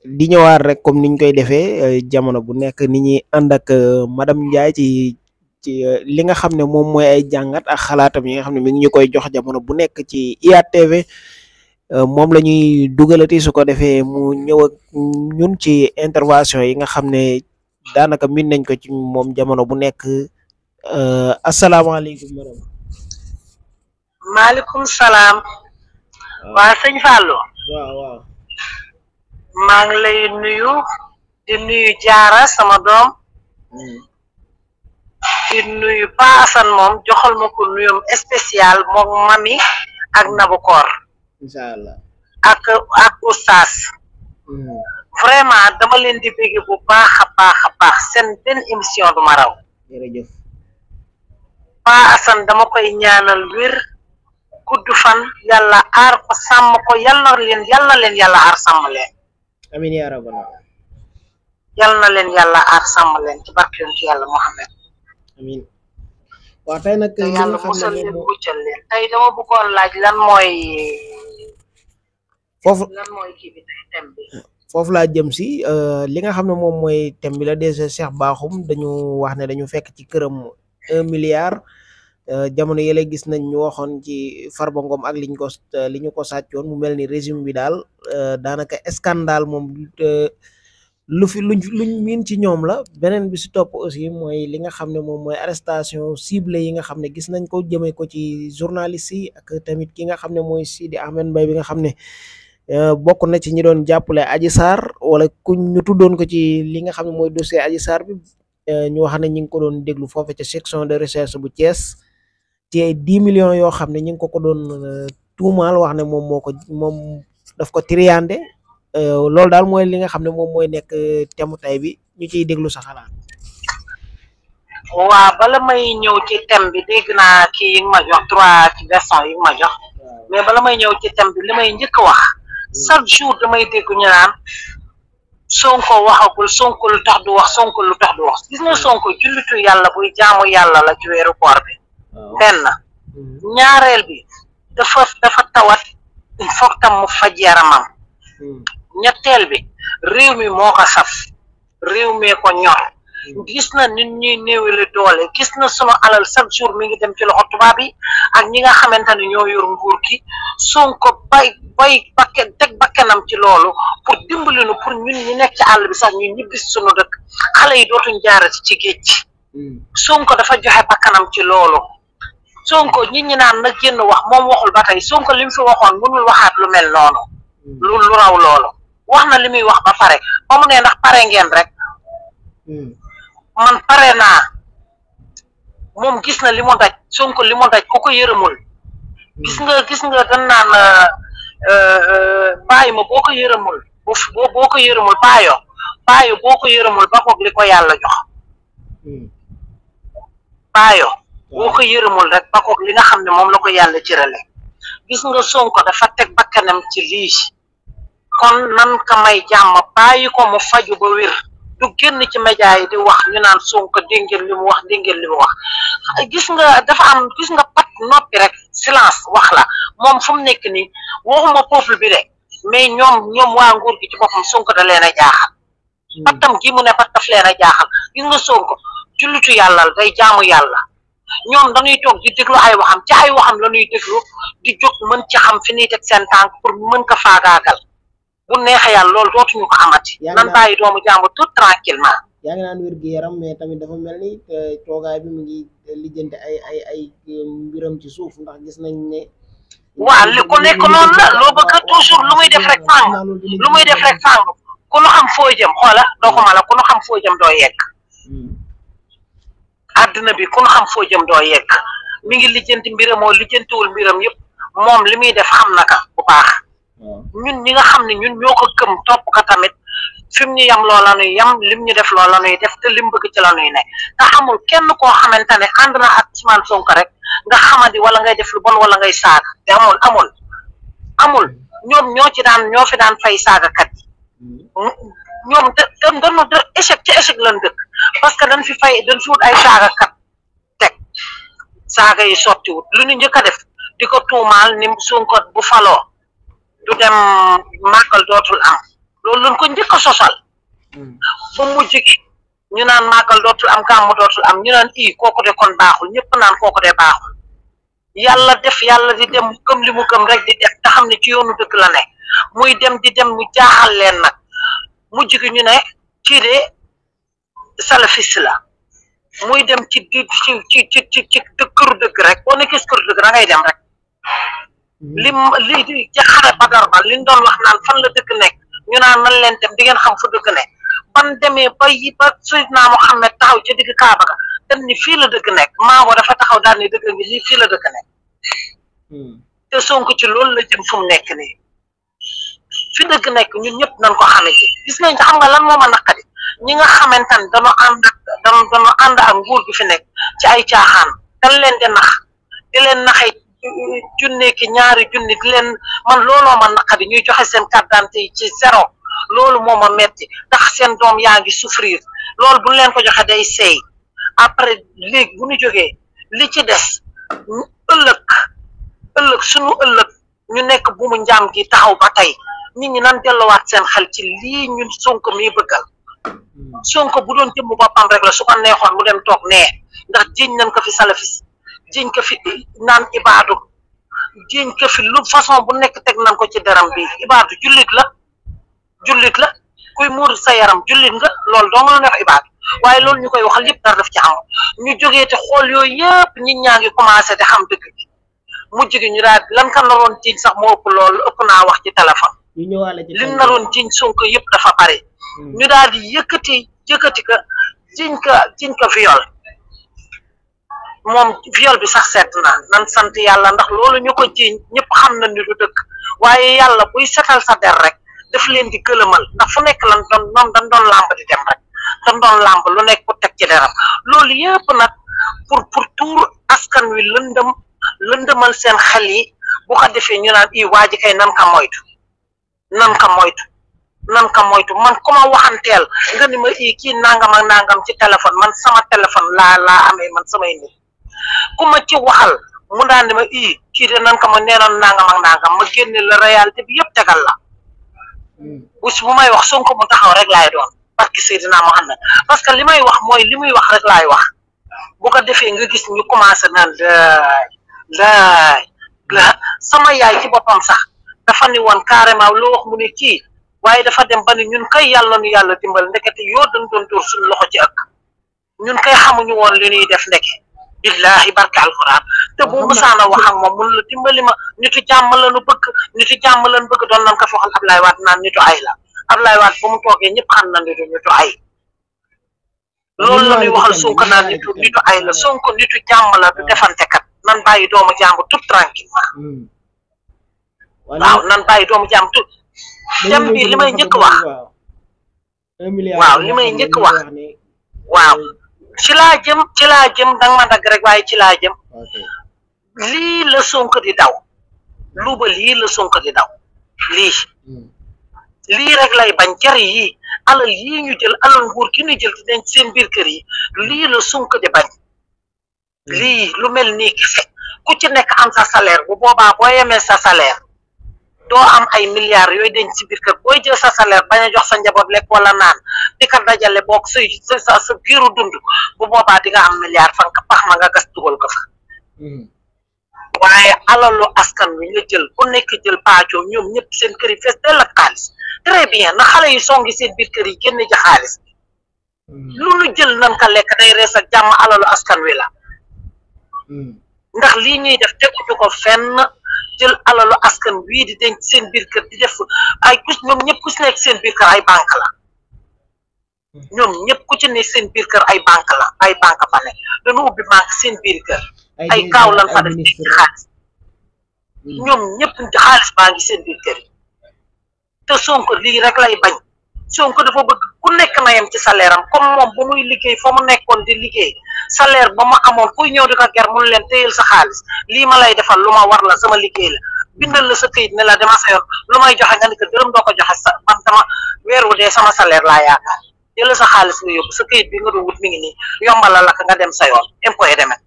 di ñëwaat rek comme niñ koy defee euh, jamono bu nekk ni ñuy ànd ak euh, madame Ndiaye ci ci euh, li nga xam ne moom mooy ay jàngat ak xalaatam yi nga xam ne mi ngi ñu koy jox jamono bu nekk ci IATV moom la ñuy dugalati su ko defee mu ñëw ci intervention yi nga xam ne daanaka min nañ ko ci moom jamono bu nekk asalaamaaleykum madame. maaleykum salaam. waa sëñ Fallou. waaw maa ngi lay nuyu di nuyu jaara sama doom mm. di nuyu Pa moom joxal ma ko nuyum spécial moom mami ak Nabu ak ak oustaz mm. vraiment dama leen di bëgg bu baax a baax a seen benn émission du ma raw dama koy ñaanal wér gudd fan yàlla aar ko sàmm ko yàlla leen yàlla leen yàlla aar sàmm leen amiin yaa rabbal aalamiin yal na leen yàlla aar sàmm leen ci barke yonent yàlla Muhammad amiin waaw tey nag yàlla musal leen muccal leen laaj lan mooy foofu lan mooy kii laa jëm si euh, li nga xam ne moom mooy thème bi la DG Cheikh baaxum dañu wax ne dañu fekk ci këram un milliard Eh, jamono yële gis nañ ñu waxoon ci Farba Ngom ak liñ ko eh, li ñu ko sàccoon mu mel ni régime bi daal eh, daanaka scandale moom lu fi luñ luñ miin ci ñoom la beneen bi si topp aussi mooy li nga xam ne moom mooy arrestation cible yi nga xam ne gis nañ ko jëmee ko ci journaliste yi ak tamit ki nga xam ne mooy Sidi Ahmed Mbaye bi nga xam ne bokk na ci ñi doon jàppale Adji Sarr wala ku ñu tuddoon ko ci li nga xam ne mooy dossier Adji Sarr bi ñu wax ne ñi ngi ko doon déglu foofu ci section de recherche bu Thiès. ci ay dix yoo xam ne ñu ngi ko ko doon euh, tuumaal wax ne moom moo ko moom daf ko triande euh, loolu daal mooy li nga xam ne moom mooy nekk euh, temu tay bi ñu ciy déglu sa xalaat waaw bala may ñëw ci thème bi dégg naa kii yi nga ma jox trois ci version may ñëw ci thème may njëkk a wax chaque jour damay dégg ñu naan sonko waxagul sonko lu tax du wax sonko lu tax du wax gis nga sonko jullitu yàlla buy jaamu yàlla la ci weeru bi benn ñaareel bi dafa dafa tawat il faut tam mu faj yaramam hmm. ñetteel bi réew mi moo ko saf réew mee ko ñor hmm. gis na nit ñuy néewale doole gis na sunu alal chaque jour mi ngi dem ci loxo tubaab ak ñi nga xamante ne ñoo yor nguur gi Sonko bay bay bakke teg bakkanam ci loolu pour dimbali nu pour ñun ñi nekk ci àll bi sax ñun ñibbis sunu dëkk xale yi dootuñ jaarati ci géej hmm. Sonko dafa joxe bakkanam ci loolu Sonko ñi ñi naan nag génn wax moom waxul ba tey Sonko li mu fi waxoon mënul waxaat lu mel noonu hmm. lu lu raw loolu wax na li muy wax ba pare ba mu ndax pare ngeen rek hmm. man pare naa moom gis na li mu daj Sonko li mu daj ku ko yërëmul hmm. gis nga gis nga dañ naan euh, euh, bàyyi ma boo ko yërëmul boo boo ko yërëmul baayo ba foog ko yàlla jox baayo boo ko yërëmul rek ba ko li nga xam ne moom la ko yàlla cërale gis nga Sonko dafa teg bakkanam ci lii kon nan ka may jàmm bàyyi ko mu faju ba wér du génn ci média yi di wax ñu naan Sonko dégg ngeen li mu wax dégg ngeen li mu wax gis nga dafa am gis nga pat noppi rek silence wax la moom fu mu nekk nii waxuma peuple mais ñoom ñoom waa nguur gi ci boppam Sonko da leen a jaaxal hmm. pattam gi mu ne pat daf leen a jaaxal gis yàlla day jaamu yàlla ñoom dañuy toog di déglu ay waxam ci ay waxam la ñuy déglu di jóg mën ci xam fi ni teg seen tànk pour mën ko faagaagal bu neexee yàlla loolu dootuñu ko amati. nan bàyyi doomu jàmbur tout tranquillement yaa ngi naan wér gu yaram mais tamit dafa mel ni toogaay bi mu ngi lijjanti ay ay ay mbiram ci suuf ndax gis nañ ne. waaw li ku nekk noonu la loo bëgg toujours lu muy def rek sàng lu muy def rek sàng ku nu xam foo jëm xoola doo ko mala ku nu xam foo jëm doo yegg. Hmm. àdduna bi kun xam foo jëm doo yegg mi ngi lijjanti mbiramoo lijjantiwul mbiram yëpp moom li muy def xam naka ka bu baax hmm. ñun ñi nga xam ne ñun ñoo ko gëm topp ko tamit fi mu ñu yam loo yam lim ñu def loo la nuy def te lim bëgg ci la nuy ne nga xamul kenn koo xamante ne ànd na ak Ousmane Sonko rek nga xamadi wala ngay def lu bon wala ngay saag te amul amul amul ñoom ñoo ci daan ñoo fi daan fay saagakat yi hmm. Hmm. ñoom te te échec ci échec lan dëkk parce que dañ fi fay dañ fi ay saagakat teg saaga yi sottiwut lu ñu njëkk a def di ko tuumaal ni sunkot bu faloo du dem màggal dootul am loolu luñ ko njëkk a sosal hmm. ba mujj gi ñu naan màggal dootul am gàmmu dootul am ñu naan i kooku de kon baaxul ñëpp naan kooku de baaxul yàlla def yàlla di dem mu gëm li mu gëm rek di def te xam ne ci yoonu dëkk la ne muy dem di dem mu jaaxal leen nag mujj gi ñu ne kii de salafis la mooy dem ci ci ci ci ci ci këru dëgg rek boo nekkee këru dëgg da ngay dem rek mhm. lim li di jaxare badar ba liñ doon wax naan fan la dëgg nekk ñu naan nan leen dem di ngeen xam fu dëgg nekk ban demee ba yi ba Seydina Muhammad taxaw ci digg Kaaba ga dañ ni fii la dëgg nekk maabo dafa taxaw daal ni dëgg ngi lii fii la dëgg nekk mhm. te Sonko ci loolu la jëm fu mu nekk nii fi dëgg nekk ñun ñëpp nañ ko xame ci gis nañ xam nga lan moo ma naqari ñi nga xamante ne dañoo ànd ak ànd ak nguur gi fi nekk ci ay caaxaan dañ leen di nax di leen naxee junne ki ñaari junni di leen man looloo ma naqari ñuy joxe seen carte d'identité yi ci zéro loolu moo ma metti ndax seen doom yaa ngi souffrir lool bu leen ko joxe day seey après léegi bu ñu jógee li ci des ñu ëllëg ëllëg suñu ëllëg ñu nekk bu mu njaam taxaw ba tey nit ñi nan delluwaat seen xel ci lii ñun Sonko mi bëggal Hmm. Sonko bu doon jëmm boppam rek la su ko neexoon mu dem toog nee ndax jiñ nañ ko fi salafis jiñ ko fi naan ibaadu jiñ ko fi lu façon bu nekk teg nañ ko ci deram bi ibaadu jullit la jullit la kuy muur sa yaram jullit nga loolu doo nga la neex waaye loolu ñu koy waxal yëpp ta daf ci am ñu jógee te xool yooyu yëpp ñi ñaa ngi commencé xam dëgg bi mujj ñu daal lan kan naroon jiñ sax moo ëpp loolu ëpp naa wax ci téléphone. li naroon jiñ Sonko yëpp dafa bari. Hmm. ñu daal di yëkkati yëkkati ka jiñ ka jiñ ka viol moom viol bi sax seet na nan sant yàlla ndax loolu ñu ko jiñ ñëpp xam na ni du dëkk waaye yàlla buy setal sa der rek def leen di gëlëmal ndax fu nekk lan doon ñoom dañ doon làmb di dem rek dañ doon làmb lu nekk pour teg ci deram loolu yëpp nag pour pour tuur askan wi lëndëm lëndëmal seen xel yi bu ko defee ñu naan i waa ji kay nan ka moytu nan ka moytu nan ka moytu man ku ma waxanteel nga ni ma ii kii nangam ak nangam ci téléphone man sama téléphone laa laa amee man samay nit ku ma ci waxal mu daan ni ma ii kii de nan ka ma neenoon nangam ak nangam ma génne la réalité bi yëpp tegal la hmm. bés bu may wax son Sonko mu taxaw rek laay doon barki Seydina Muhammad parce que li may wax mooy li muy wax rek laay wax bu ko defee nga gis ñu commencé naan laay laay sama yaay ci boppam sax dafa ni woon carrément loo wax mu ne kii waaye dafa dem ba ni ñun kay yàlla nu yàlla dimbali ndekete yoo doon doon dóor suñu loxo ci ak ñun kay xamuñu woon li ñuy def ndeke billahi barka alquran te bu musaana wax ak moom mun la dimbali ma nitu jàmm la nu bëgg nitu jàmm la nu bëgg doon nan ko foxal Ablaye Wade naan nitu ay la Ablaye waat ba mu toogee ñëpp xam na nitu nitu ay loolu la ñuy waxal Sonko naan nitu nitu ay la Sonko nitu jàmm la du defante kat nan bàyyi doomu jàmm tout tranquillement hmm. waaw nan dem bi li may njëkk wax waaw li may njëkk wax waaw ci laa waaye ci laa jëm lii la Sonko di daw lu ba lii la di daw li lii rek lay bañ jar yi alal yii ñu jël alal nguur ki ñu jël di denc seen biir kër yi lii la Sonko di bañ lii lu mel nii kese ku ci nekk am sa salaire bu boobaa boo yemee doo am ay milliards yooyu denc ci biir booy jël sa salaire bañ a jox sa njaboot lekk wala naan di ko dajale boog sa sa sa biiru dund bu boobaa di am milliard fan ka pax ma nga gas dugal ko fa. Hmm. waaye alalu askan wi nga jël ku nekk jël paacoo ñoom ñëpp seen kër yi fees dell ak xaalis très bien na xale yu songi seen biir kër yi génne ci xaalis hmm. lu nu jël nan ka lekk day rees ak jàmm alalu askan wi la. Hmm. ndax lii ñuy def teguñu ko fenn. jël alalu askan wii di denc seen biir kër di def ay kus ñoom ñëpp ku ci nekk seen biir ay banque la ñoom ñëpp ku ci nekk seen biir kër ay banque la ay banque fa ne dañu ubbi banque seen biir kër ay kaaw lan fa def ci xaalis ñoom ñëpp xaalis baa seen biir kër yi te Sonko lii rek lay bañ Sonko dafa bëgg ku nekk na yem ci salaire am comme moom bu muy liggéey foo mu nekkoon di liggéey salaire ba ma amoon kuy ñëw di ko ger mun leen téyel sa xaalis lii ma lay defal lu ma war la sama liggéey la bindal la sa këyit ne la dama sa yor lu may joxe nga ni ko dërëm doo ko joxe sa man dama weer wu dee sama salaire laa yaakaar jëlal sa xaalis nga yóbbu sa këyit bi nga doon wut mi ngi nii yombalal la nga dem sa yoon impôt et demet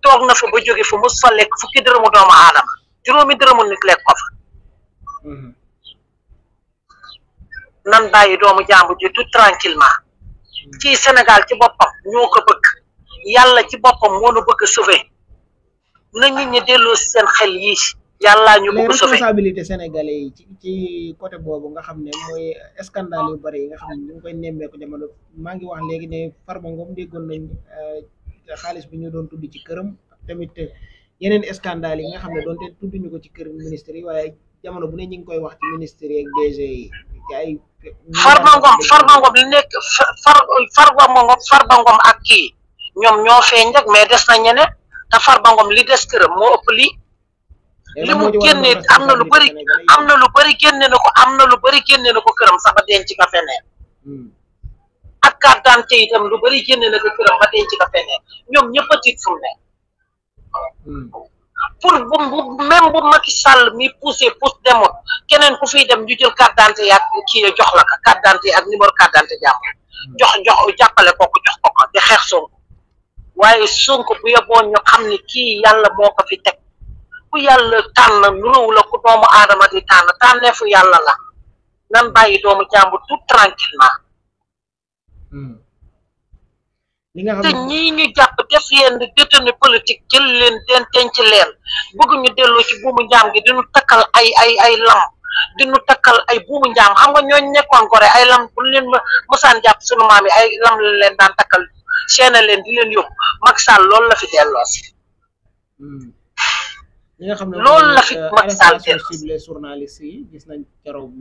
toog na fa ba jóge fu mos fa lekk fukki dërëmu doomu aadama juróomi dërëmu nit lekk ko fa mm-hmm. nan bàyyi doomu jàmbu ji tout tranquillement ci Sénégal ci boppam ñoo ko bëgg yàlla ci boppam moo nu bëgg a sauver na nit ñi delloo si seen xel yii yàllaa ñu bëgg a sauver. yi ci ci côté boobu nga xam ne mooy scandale yu bari yi nga xam ne ñu ngi koy nemmeeku jamono maa ngi wax léegi ne Farba Ngom déggoon nañ euh, xaalis bi ñu doon tudd ci këram tamit yeneen scandale yi nga xam ne doonte tudd ñu ko ci kër ministre yi waaye. jamono bu ne ñu ngi koy wax ci ministère yeeg DG li nekk far Farba Ngom kii ñoom ñoo feeñ rek mais des na ñeneen te li des këram moo ëpp lii. li mu génnee am na lu bëri am na lu bëri génne na ko am na lu bëri génne ko këram sax ba denc ka feneen. Hmm. ak carte d'identité itam lu bëri génne na ko këram ba denc ka feneen ñoom ñëpp a tiit pour bu même bu Macky Sall mi poussé pousse demoon keneen ku fiy dem ju jël carte d'identité ak kii jox la ko carte ak numéro carte d'identité jàmm hmm. jox jox jàppale kooku jox ko di xeex Sonko waaye Sonko bu yeboon ñu xam ni kii yàlla moo ko fi teg ku yàlla tànn nuróowu la ku doomu aadama di tànn tànneefu yàlla la nan bàyyi doomu jàmbur tout tranquillement hmm. li nga xam te ñii ñu jàpp def yenn détenu politique jël leen den denc leen bëgg ñu dellu ci buumu njaam gi diñu takkal ay ay ay lam diñu takkal ay buumu njaam xam nga ñooñ nekkoon gore ay lam bu leen mosaan jàpp ay lam la leen daan takkal seena leen di leen yóbbu Macky lool la fi delloo si ñi hmm. nga xam ne lool la fi Macky euh, Sall delloo les journalistes gis nañ keroog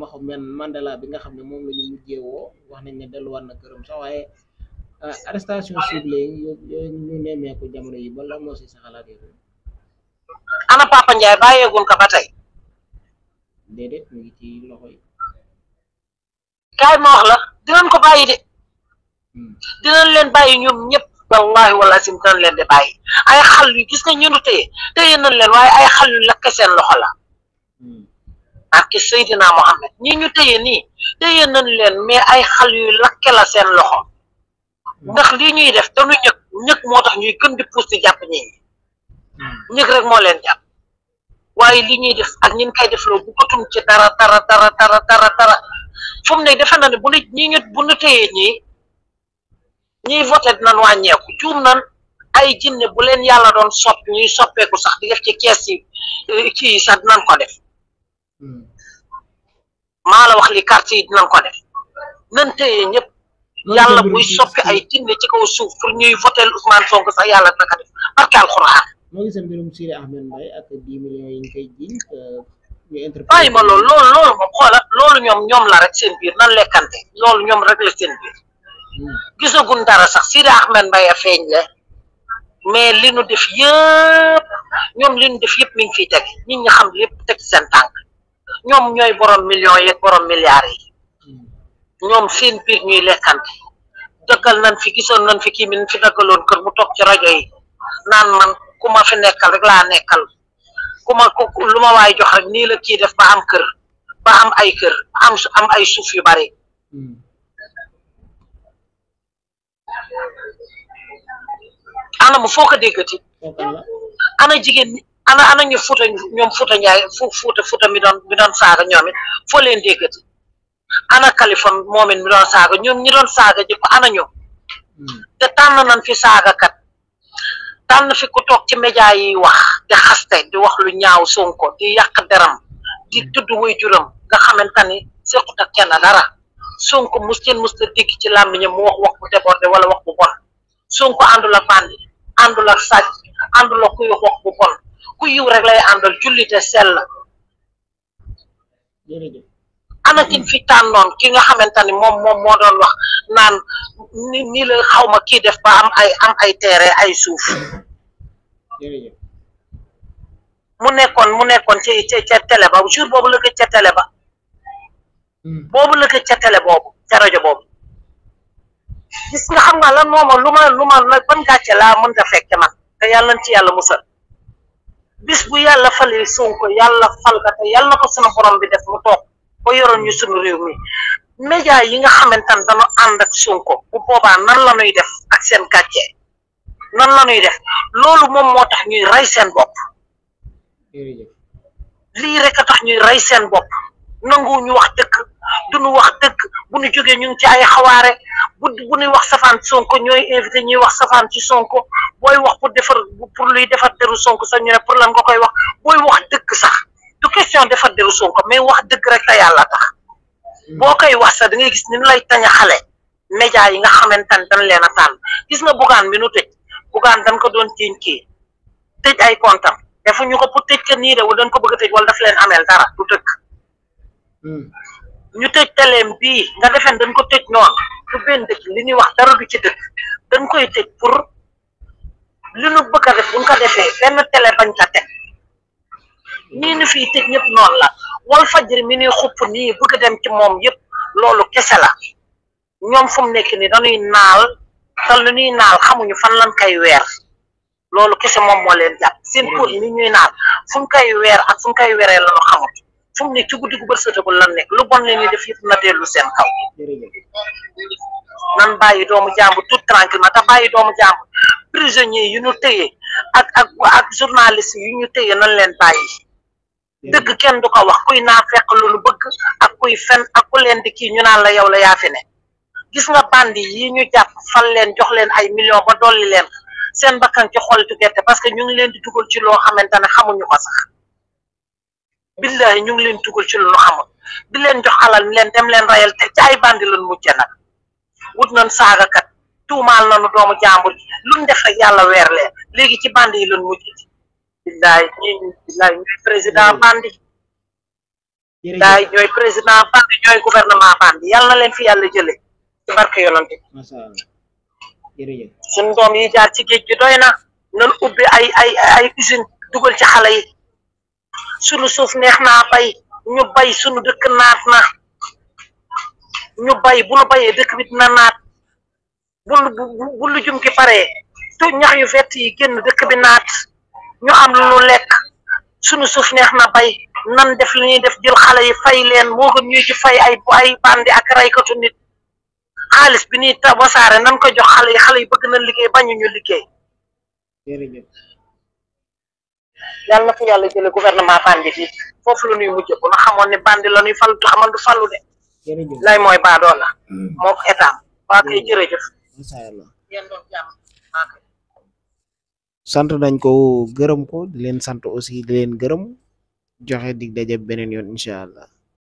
Maxu men Mandela bi nga xam ne moom la ñu mujjee woo wax nañ ne delluwaat na këram sax waaye arrestation ciblée yooyu yi ba lan moo si sa xalaat ko ba tey déedéet mu ngi la dinañ ko bàyyi de dinañ leen bàyyi ñoom ñëpp wallahi wala sim dinañ leen di bàyyi ay xal yu gis nga ñunu téye téye nañ leen waaye ay xal yu lakke seen loxo la barke Seydina Mohamed ñi ñu téye nii téye nañ leen mais ay xal yu lakke la seen loxo ndax lii ñuy def dañu ñëg ñëg moo tax ñuy gën di pousse jàpp ñi hmm. ñëg rek moo leen jàpp waaye lii ñuy def ak ñin koy def loo bëggatum ci dara dara dara dara dara dara fu mu ne defe na ne bu nu ñi ñu bu nu téyee ñii ñiy voté dinañ wàññeeku juum nan ay jinne bu leen yàlla doon sopp ñuy soppeeku sax di def ci kees yi eh, kii yi sax ko def hmm. maa la wax li carte yi ko def nan téyee ñëpp yàlla buy soppi ay jinne ci kaw suuf pour ñuy votel Ousmane Sonko sax yàlla naka def barke alxuraan moo ngi seen mbirum Siré Ahmed Mbaye ak dix millions yi euh, bàyyi ma loolu loolu moom xoola loolu ñoom ñoom la rek seen biir nan lekkante loolu ñoom rek la seen biir hmm. gisagun dara sax Siré Ahmed Mbaye a feeñ la mais li nu def yëpp ñoom li nu def yëpp mi ngi fiy teg nit ñi xam yëpp teg seen tànk ñoom ñooy borom millions yeeg borom milliards yi ñoom seen biir ñuy lekkante dëkkal nan fi gisoon nan fi kii min fi dëkkaloon kër mu toog ci rajo yi naan man ku ma fi nekkal rek laa nekkal ku ma ku lu ma jox rek nii la kii def ba am kër ba am ay kër am am ay suuf yu bari hmm. ana mu foo ko déggati ana jigéen ana ana ñu futa ñoom futa njaay fu futa futa mi doon mi doon saaga ñoom it foo leen déggati ana Kaliphone moomin mi doon saaga ñoom ñi doon saaga ji ana ñu hmm. te tànn nañ fi kat tànn fi ku toog ci média yi wax di xaste di wax lu ñaaw Sonko di yàq deram di hmm. tudd waajuram nga xamante ni sequt ak kenn dara Sonko mus teen mus la dégg ci làmmiñam mu wax wax bu débordé wala wax bu bon Sonko àndul ak bandi àndul ak sàcc àndul ak kuy wax bu yiw rek lay àndal jullite sell. ana kiñ fi tànnoon ki nga xamante ni moom moom moo doon wax naan ni nii la xawma kii def ba am ay am ay suuf mu nekkoon mu nekkoon ci ca télé ba jour boobu la ko ca télé ba hmm. boobu la ko ca télé boobu ca rajo boobu gis nga xam nga la mooma lu ma lu ma nag ban gàcce laa mën nga fekke man te yàlla ci yàlla musal bis bu yàlla fali Sonko yàlla fal ka te yàlla ko sunu borom bi def mu toog ba yoroon ñu suñu réew mi média yi nga xamante ne dañoo ànd ak Sonko bu boobaa nan la ñuy def ak seen gàcce nan la ñuy def loolu moom moo tax ñuy rey seen bopp lii rek a tax ñuy rey seen bopp nangu ñu wax dëkk duñu wax dëkk bu ñu jógee ñu ngi ci ay xawaare bu bu ñuy wax safaan Sonko ñooy invité ñuy wax safaan ci Sonko booy wax pour defar pour luy defar deru Sonko sax ñu ne pour lan nga koy wax booy wax dëkk sax du question defar deru Sonko mais wax dëgg rek te yàlla tax boo koy wax sax da gis ni ñu lay tañ xale média yi nga xamante ne dañ leen a tànn gis nga bugaan bi nu tëj bugaan dañ ko doon tiiñ kii tëj ay kontam defuñu ko pour tëj ka niire de wala dañ ko bëgg a tëj wala daf leen ameel dara du dëkk hmm. ñu tëj teleem bii nga defeen dañ ko tëj noonu du benn dëkk li ñuy wax dara du ci dëkk dañ koy tëj pour li nu bëgg a def buñ ko defee benn télé bañ ka teg nii ñu fiy tëj ñëpp noonu la wal fajri mi ñuy xupp nii bëgg dem ci moom yëpp loolu kese la ñoom fu mu nekk nii dañuy naal te lu ñuy naal xamuñu fan lan koy weer loolu kese moom moo leen jàpp seen mm-hmm. póot ni ñuy naal fu mu koy weer ak fu mu koy weeree lañu xamut fu mu nekk ci guddi gu bërsëtagul lan nekk lu bon leen ni def yëpp na dellu seen kaw nan bàyyi doomu jàmbur tout tranquillement te bàyyi doomu jàmbur prisonnier yu ñu téye ak ak journaliste yu ñu téye nan leen bàyyi dëgg kenn du ko wax kuy naa fekk loolu bëgg ak kuy fen ak ku leen di kii ñu naan la yow la yaa fi ne nga bandi yi ñu jàpp fal leen jox leen ay millions ba dolli leen seen bakkan ci xolitu gerte parce que ñu ngi leen di dugal ci loo xamante ne xamuñu ko sax billahi ñu ngi leen dugal ci lu xamul di leen jox alal ñu leen dem leen rayal te ci ay bandi lan mujje na wut nañ saagakat tuumaal nañu doomu jàmbur luñ def rek yàlla weer leen léegi ci bandi yi billaay ñi billaay ñooy président Bandi billaay ñooy président Bandi ñooy gouvernement Bandi yàlla leen fi yàlla jële ci barke yonante suñ doom yi jaar ci géej gi doy na nan ubbi ay ay ay usine dugal ci xale yi sunu suuf neex naa bay ñu bay sunu dëkk naat na ñu bay bu bay bayee dëkk bi dina naat bu bu bu ki paree te ñax yu vert yi génn dëkk bi naat ñu xam lu nu lekk suñu suuf neex na bay nan def li ñuy def jël xale yi fay leen moo gën ñuy ci fay ay ay bandi ak raykatu nit xaalis bi ñuy ta wasaare nan ko jox xale yi xale yi bëgg na liggéey bañu ñu liggéey yàlla na fi yàlla jële gouvernement bandi bi foofu la ñuy mujj bu xamoon ne bandi la ñuy fal du xamal du fallu de lay mooy baadoo la mm. moo ko état waa mm. koy jërëjëf sant nañ ko gërëm ko di leen sant aussi di leen gërëm joxe dig daje beneen yoon incha allah.